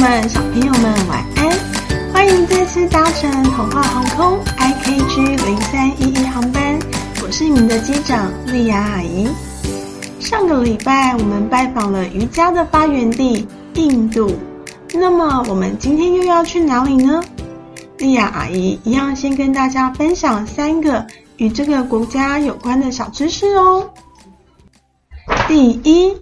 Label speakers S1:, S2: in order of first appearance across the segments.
S1: 們小朋友們晚安，歡迎再次搭乘童話航空 I K G 零三一一航班，我是你們的機長莉亞阿姨。上個禮拜我們拜訪了瑜伽的發源地印度，那麼我們今天又要去哪裡呢？莉亞阿姨一樣先跟大家分享三個與這個國家有關的小知識哦。第一，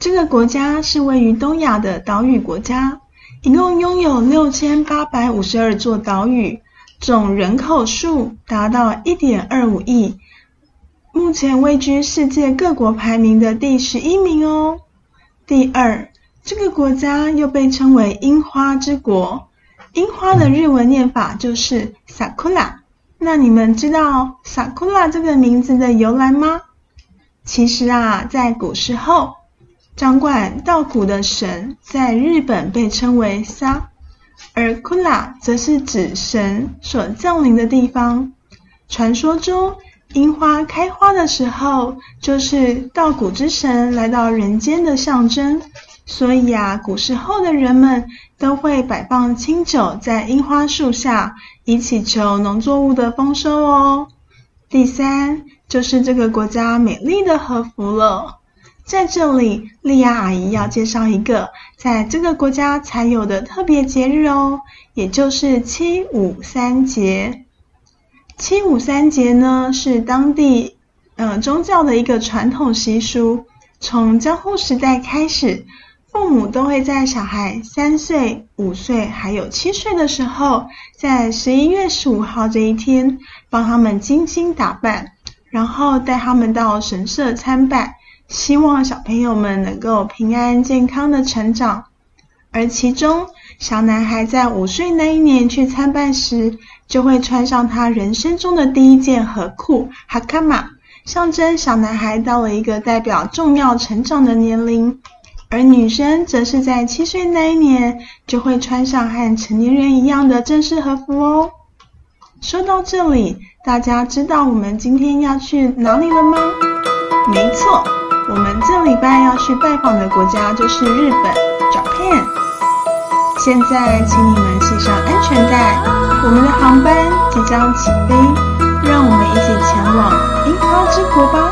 S1: 這個國家是位於東亞的島嶼國家。一共擁有六千八百五十二座島嶼，總人口數達到一點二五億，目前位居世界各國排名的第十一名哦。第二，這個國家又被稱為櫻花之國，櫻花的日文念法就是“ sakura ”。那你們知道“ sakura ”這個名字的由來嗎？其實啊，在古時候，掌管稻穀的神在日本被稱為“沙”，而庫拉則是指神所降臨的地方。傳說中，櫻花開花的時候就是稻穀之神來到人間的象徵，所以啊，古時候的人們都會擺放清酒在櫻花樹下，以祈求農作物的豐收哦。第三，就是這個國家美麗的和服了。在這裡，莉亞阿姨要介紹一個在這個國家才有的特別節日哦，也就是七五三節。七五三節呢，是當地嗯、呃、宗教的一個傳統習俗。從江戶時代開始，父母都會在小孩三歲、五歲還有七歲的時候，在十一月十五號這一天，幫他們精心打扮，然後帶他們到神社參拜。希望小朋友們能夠平安健康的成長。而其中，小男孩在五歲那一年去參拜時，就會穿上他人生中的第一件和褲，哈卡瑪，象徵小男孩到了一個代表重要成長的年齡。而女生則是在七歲那一年就會穿上和成年人一樣的正式和服哦。說到這裡，大家知道我們今天要去哪裡了嗎？沒錯。我們這禮拜要去拜訪的國家就是日本。照片。現在請你們繫上安全帶，我們的航班即將起飛，讓我們一起前往櫻花之國吧。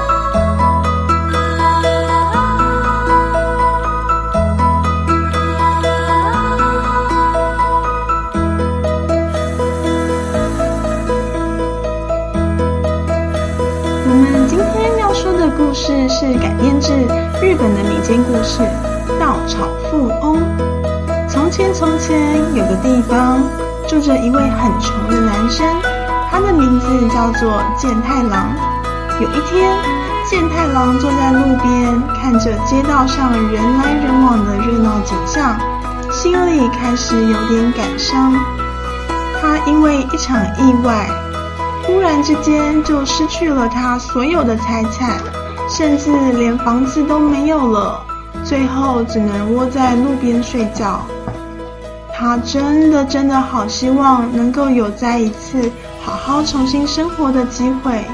S1: 我們今天。他說的故事是改編自日本的民間故事《稻草富翁》。從前，從前有個地方，住着一位很窮的男生，他的名字叫做健太郎。有一天，健太郎坐在路邊，看着街道上人來人往的熱鬧景象，心裡開始有點感傷。他因為一場意外。忽然之間，就失去了他所有的財產，甚至連房子都沒有了，最後只能窩在路邊睡覺。他真的真的好希望能夠有再一次好好重新生活的機會。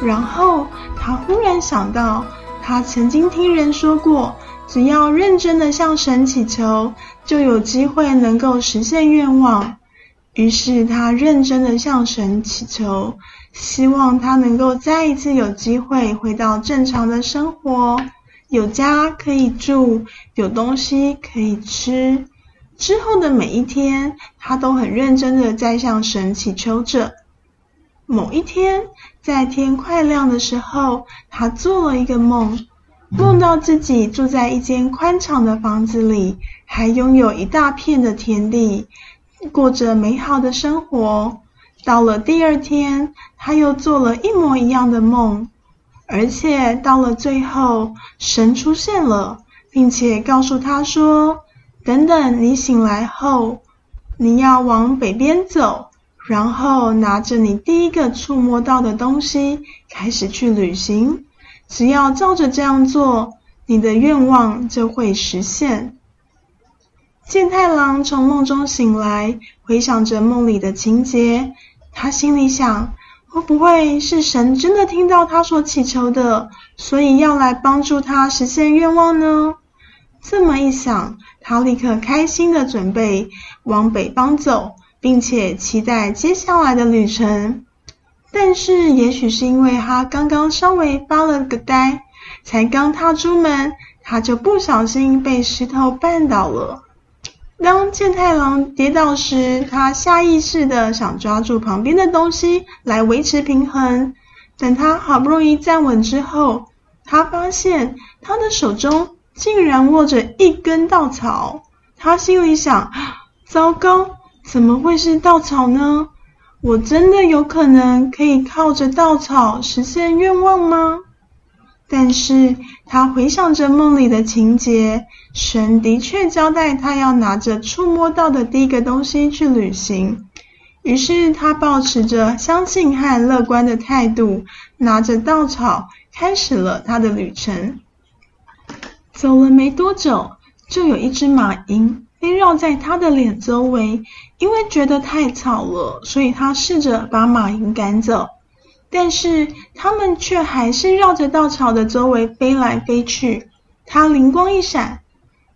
S1: 然後他忽然想到，他曾經聽人說過，只要認真的向神祈求，就有機會能夠實現願望。於是他認真的向神祈求，希望他能夠再一次有機會回到正常的生活，有家可以住，有東西可以吃。之後的每一天，他都很認真的在向神祈求着。某一天，在天快亮的時候，他做了一個夢，夢到自己住在一間寬敞的房子裡，還擁有一大片的田地。過着美好的生活。到了第二天，他又做了一模一樣的夢，而且到了最後，神出現了，並且告訴他說：“等等，你醒來後，你要往北邊走，然後拿着你第一個觸摸到的東西開始去旅行。只要照着這樣做，你的願望就會實現。”健太郎從夢中醒來，回想着夢裡的情節。他心裡想：會不會是神真的聽到他所祈求的，所以要來幫助他實現願望呢？這麼一想，他立刻開心地準備往北方走，並且期待接下來的旅程。但是，也許是因為他剛剛稍微發了個呆，才剛踏出門，他就不小心被石頭絆倒了。當健太郎跌倒時，他下意識地想抓住旁邊的東西來維持平衡。等他好不容易站穩之後，他發現他的手中竟然握着一根稻草。他心裡想：糟糕，怎麼會是稻草呢？我真的有可能可以靠着稻草實現願望嗎？但是他回想着夢裡的情節，神的確交代他要拿着觸摸到的第一個東西去旅行。於是他保持着相信和樂觀的態度，拿着稻草開始了他的旅程。走了沒多久，就有一隻馬蠅飛繞在他的臉周圍，因為覺得太吵了，所以他試着把馬蠅趕走。但是他們卻還是繞着稻草的周圍飛來飛去。他靈光一閃，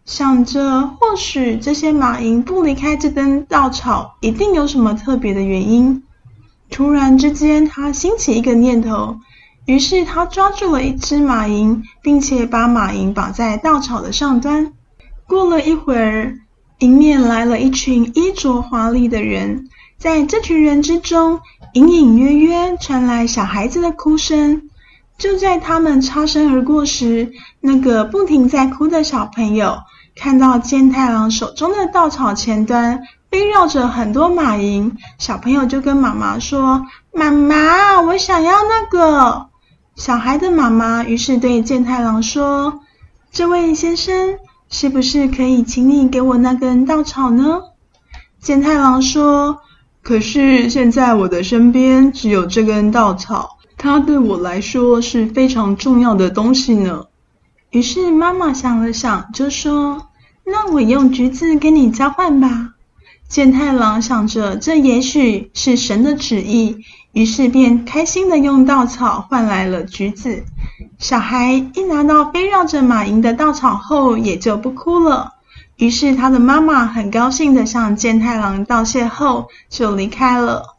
S1: 想着或許這些馬蠅不離開這根稻草，一定有什麼特別的原因。突然之間，他興起一個念頭，於是他抓住了一隻馬蠅，並且把馬蠅綁在稻草的上端。過了一會兒，迎面來了一群衣着華麗的人，在這群人之中。隱隱約約傳來小孩子的哭聲。就在他們擦身而過時，那個不停在哭的小朋友看到健太郎手中的稻草前端圍繞着很多馬蠅，小朋友就跟媽媽說：“媽媽，我想要那個。”小孩的媽媽於是對健太郎說：“這位先生，是不是可以請你給我那根稻草呢？”健太郎說。可是現在我的身邊只有這根稻草，它對我來說是非常重要的東西呢。於是媽媽想了想，就說：“那我用橘子跟你交換吧。”健太郎想着這也許是神的旨意，於是便開心的用稻草換來了橘子。小孩一拿到飛繞着馬蠅的稻草後，也就不哭了。於是，他的媽媽很高興的向健太郎道謝後就離開了。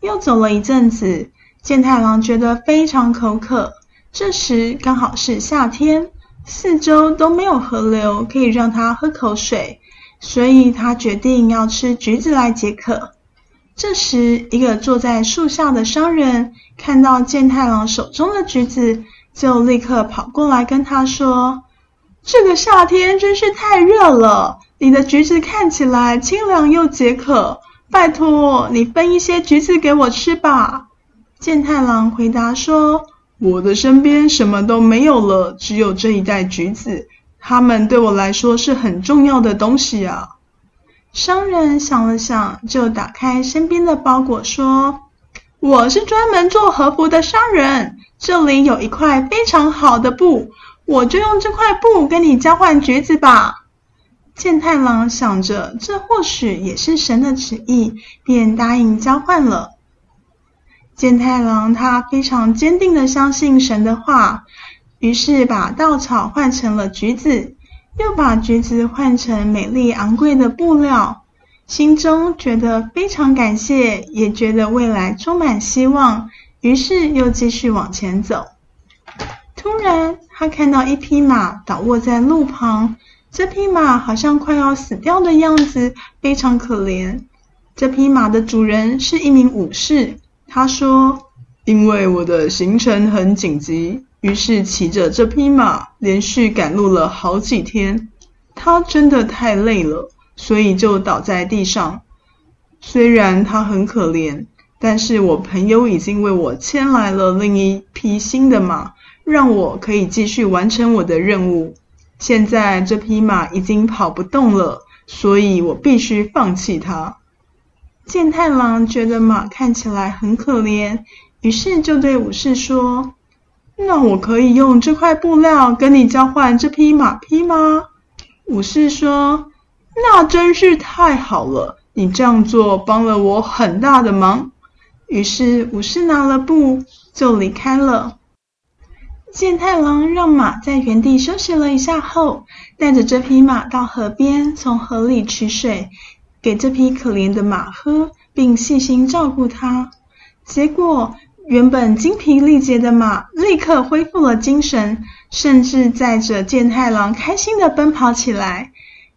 S1: 又走了一陣子，健太郎覺得非常口渴。這時剛好是夏天，四周都沒有河流可以讓他喝口水，所以他決定要吃橘子來解渴。這時，一個坐在樹下的商人看到健太郎手中的橘子，就立刻跑過來跟他說。這個夏天真是太熱了，你的橘子看起來清涼又解渴。拜托，你分一些橘子給我吃吧。健太郎回答說：“我的身邊什麼都沒有了，只有這一袋橘子，它們對我來說是很重要的東西啊。”商人想了想，就打開身邊的包裹說：“我是專門做和服的商人，這裡有一塊非常好的布。”我就用這塊布跟你交換橘子吧。健太郎想着，這或許也是神的旨意，便答應交換了。健太郎他非常堅定的相信神的話，於是把稻草換成了橘子，又把橘子換成美麗昂貴的布料，心中覺得非常感謝，也覺得未來充滿希望，於是又繼續往前走。突然，他看到一匹馬倒臥在路旁，這匹馬好像快要死掉的樣子，非常可憐。這匹馬的主人是一名武士。他說：“因為我的行程很緊急，於是騎着這匹馬連續趕路了好幾天。他真的太累了，所以就倒在地上。雖然他很可憐。”但是我朋友已經為我牽來了另一匹新的馬，讓我可以繼續完成我的任務。現在這匹馬已經跑不動了，所以我必須放棄它。健太郎覺得馬看起來很可憐，於是就對武士說：“那我可以用這塊布料跟你交換這匹馬匹嗎？”武士說：“那真是太好了，你這樣做幫了我很大的忙。”於是武士拿了布就離開了。健太郎讓馬在原地休息了一下後，帶着這匹馬到河邊，從河裡取水給這匹可憐的馬喝，並細心照顧它。結果，原本精疲力竭的馬立刻恢復了精神，甚至載着健太郎開心地奔跑起來。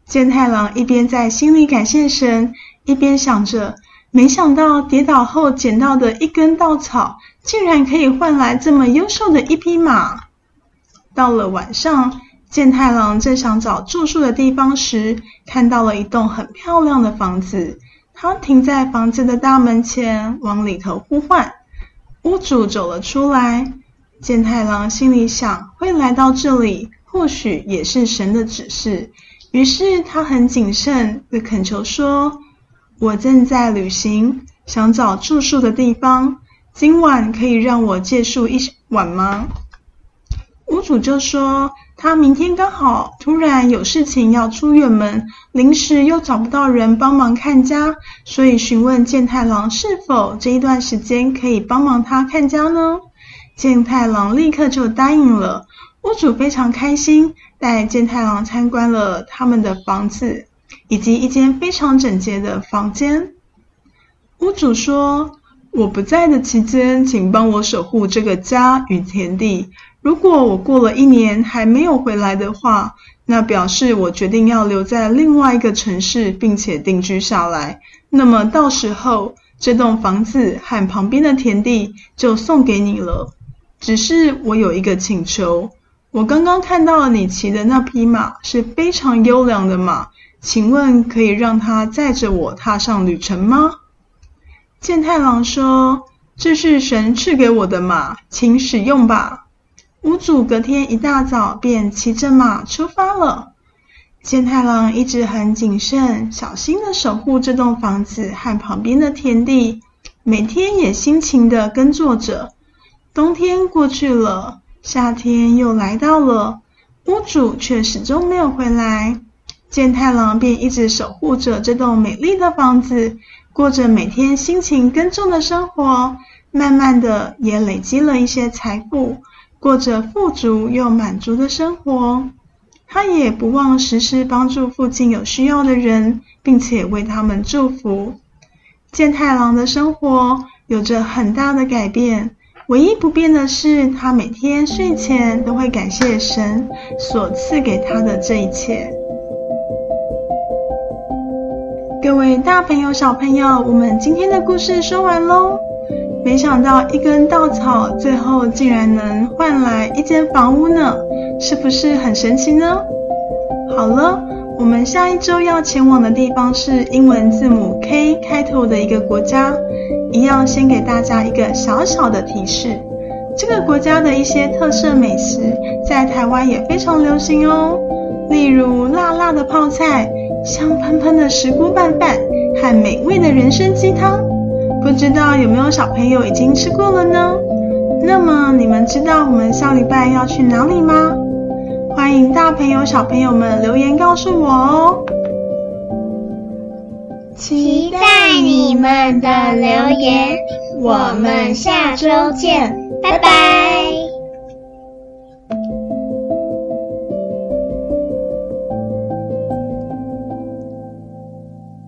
S1: 健太郎一邊在心裡感謝神，一邊想着。沒想到跌倒後撿到的一根稻草，竟然可以換來這麼優秀的一匹馬。到了晚上，健太郎正想找住宿的地方時，看到了一棟很漂亮的房子。他停在房子的大門前，往裡頭呼喚。屋主走了出來。健太郎心裡想：會來到這裡，或許也是神的指示。於是他很謹慎地懇求說。我正在旅行，想找住宿的地方。今晚可以讓我借宿一晚嗎？屋主就說，他明天剛好突然有事情要出遠門，臨時又找不到人幫忙看家，所以詢問健太郎是否這一段時間可以幫忙他看家呢？健太郎立刻就答應了，屋主非常開心，帶健太郎參觀了他們的房子。以及一間非常整潔的房間。屋主說：“我不在的期間，請幫我守護這個家與田地。如果我過了一年還沒有回來的話，那表示我決定要留在另外一個城市，並且定居下來。那麼到時候，這棟房子和旁邊的田地就送給你了。只是我有一個請求。我剛剛看到了你騎的那匹馬，是非常優良的馬。”請問可以讓他載着我踏上旅程嗎？健太郎說：“這是神賜給我的馬，請使用吧。”屋主隔天一大早便騎着馬出發了。健太郎一直很謹慎，小心的守護這棟房子和旁邊的田地，每天也辛勤的耕作着。冬天過去了，夏天又來到了，屋主卻始終沒有回來。健太郎便一直守護着這棟美麗的房子，過着每天辛勤耕種的生活，慢慢的也累積了一些財富，過着富足又滿足的生活。他也不忘時時幫助附近有需要的人，並且為他們祝福。健太郎的生活有着很大的改變，唯一不變的是他每天睡前都會感謝神所賜給他的這一切。各位大朋友、小朋友，我們今天的故事說完嘍。沒想到一根稻草，最後竟然能換來一間房屋呢，是不是很神奇呢？好了，我們下一周要前往的地方是英文字母 K 開頭的一個國家，一樣先給大家一個小小的提示。這個國家的一些特色美食，在台灣也非常流行哦，例如辣辣的泡菜。香噴噴的石鍋拌飯和美味的人參雞湯，不知道有沒有小朋友已經吃過了呢？那麼你們知道我們下禮拜要去哪裡嗎？歡迎大朋友、小朋友們留言告訴我哦！期待你，期待你們的留言，我們下周見，拜拜。拜拜